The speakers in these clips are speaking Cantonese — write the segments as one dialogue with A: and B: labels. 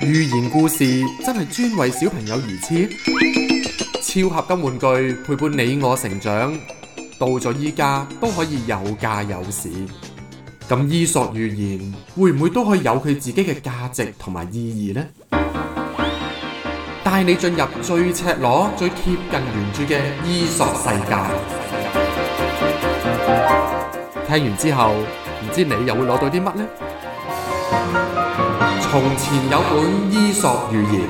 A: 寓言故事真係專為小朋友而設，超合金玩具陪伴你我成長，到咗依家都可以有價有市。咁伊索寓言會唔會都可以有佢自己嘅價值同埋意義呢？帶你進入最赤裸、最貼近原著嘅伊索世界。聽完之後，唔知你又會攞到啲乜呢？從前有本伊索寓言，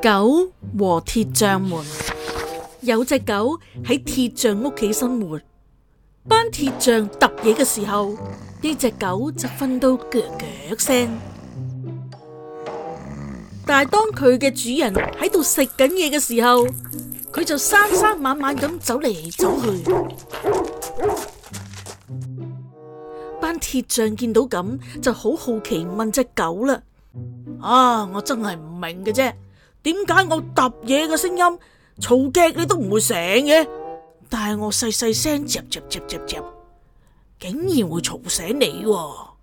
B: 狗和鐵匠們。有隻狗喺鐵匠屋企生活。班鐵匠揼嘢嘅時候，呢隻狗就瞓到嘜嘜聲。但係當佢嘅主人喺度食緊嘢嘅時候，佢就生生猛猛咁走嚟走去。班鐵匠見到咁，就好好奇問隻狗啦：啊，我真係唔明嘅啫，點解我揼嘢嘅聲音嘈極，你都唔會醒嘅？但係我細細聲，嚼嚼嚼嚼嚼，竟然會嘈醒你啊。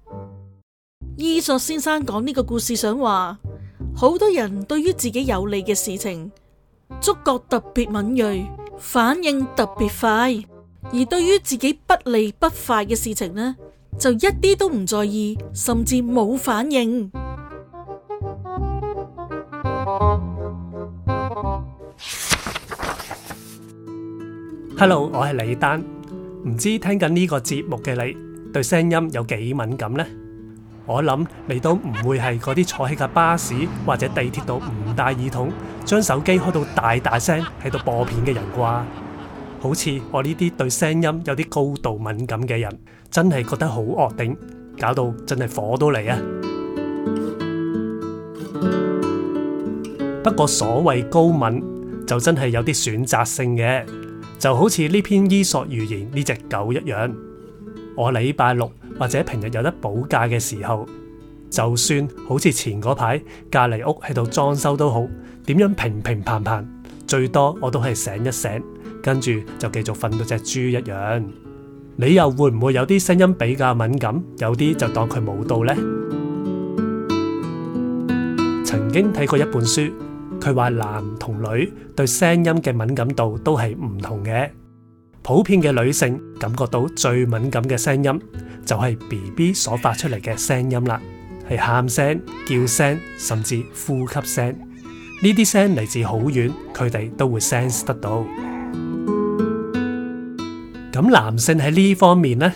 B: 伊索先生講呢個故事想話，好多人對於自己有利嘅事情，觸覺特別敏銳，反應特別快；而對於自己不利不快嘅事情呢，就一啲都唔在意，甚至冇反應。
C: Hello，我係李丹。唔知聽緊呢個節目嘅你，對聲音有幾敏感呢？我諗你都唔會係嗰啲坐喺架巴士或者地鐵度唔戴耳筒，將手機開到大大聲喺度播片嘅人啩？好似我呢啲對聲音有啲高度敏感嘅人，真係覺得好惡頂，搞到真係火都嚟啊！不過所謂高敏，就真係有啲選擇性嘅。就好似呢篇伊索寓言呢隻狗一樣，我禮拜六或者平日有得補假嘅時候，就算好似前嗰排隔籬屋喺度裝修都好，點樣平平棒棒，最多我都係醒一醒，跟住就繼續瞓到隻豬一樣。你又會唔會有啲聲音比較敏感？有啲就當佢冇到呢？曾經睇過一本書。佢話男同女對聲音嘅敏感度都係唔同嘅。普遍嘅女性感覺到最敏感嘅聲音就係 BB 所發出嚟嘅聲音啦，係喊聲、叫聲甚至呼吸聲。呢啲聲嚟自好遠，佢哋都會 sense 得到。咁男性喺呢方面呢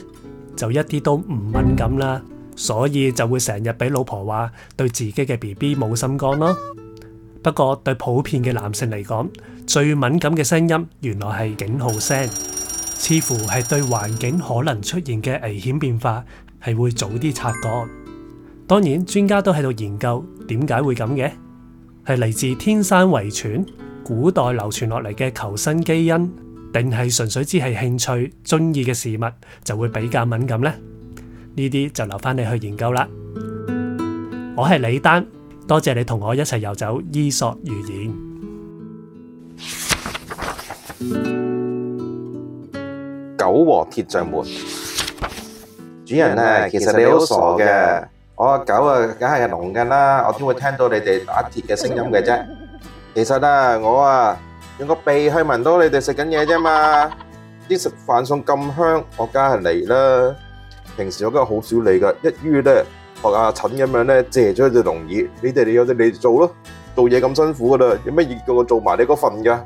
C: 就一啲都唔敏感啦，所以就會成日俾老婆話對自己嘅 BB 冇心肝咯。不過對普遍嘅男性嚟講，最敏感嘅聲音原來係警號聲，似乎係對環境可能出現嘅危險變化係會早啲察覺。當然，專家都喺度研究點解會咁嘅，係嚟自天生遺傳、古代流傳落嚟嘅求生基因，定係純粹只係興趣中意嘅事物就會比較敏感呢？呢啲就留翻你去研究啦。我係李丹。多謝你同我一齊遊走伊索寓言。
A: 狗和鐵匠們，
C: 主人啊，其實你好傻嘅。
A: 我個狗啊，梗係聾嘅啦，我點會聽到你哋打鐵嘅聲音嘅啫？其實啊，我啊用個鼻去聞到你哋食緊嘢啫嘛。啲食飯餸咁香，我梗係嚟啦。平時我都好少嚟噶，一於呢。學阿陳咁樣咧，借咗隻龍椅，你哋你有得你哋做咯，做嘢咁辛苦噶啦，有乜嘢叫我做埋你嗰份噶，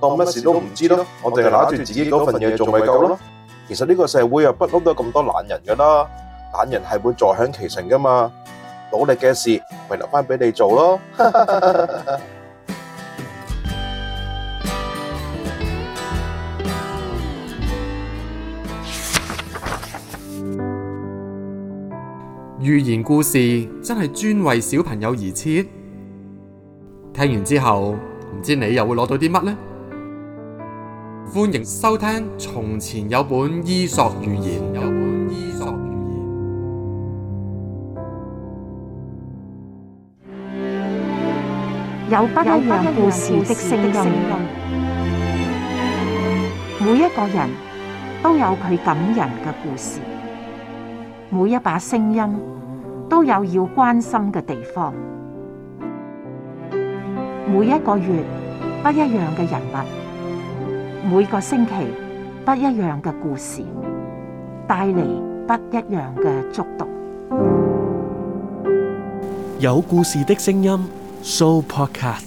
A: 當乜事都唔知咯，我哋就拿住自己嗰份嘢做咪夠咯。其實呢個社會又不嬲都有咁多懶人噶啦，懶人係會坐享其成噶嘛，努力嘅事就留返俾你做咯。寓言故事真係專為小朋友而設，聽完之後唔知你又會攞到啲乜呢？歡迎收聽《從前有本伊索寓言》，有本伊索寓言，有不一樣
B: 故事的聲音。每一個人都有佢感人嘅故事。每一把聲音都有要關心嘅地方，每一個月不一樣嘅人物，每個星期不一樣嘅故事，帶嚟不一樣嘅觸動。
C: 有故事嘅聲音 Sooo Podcast。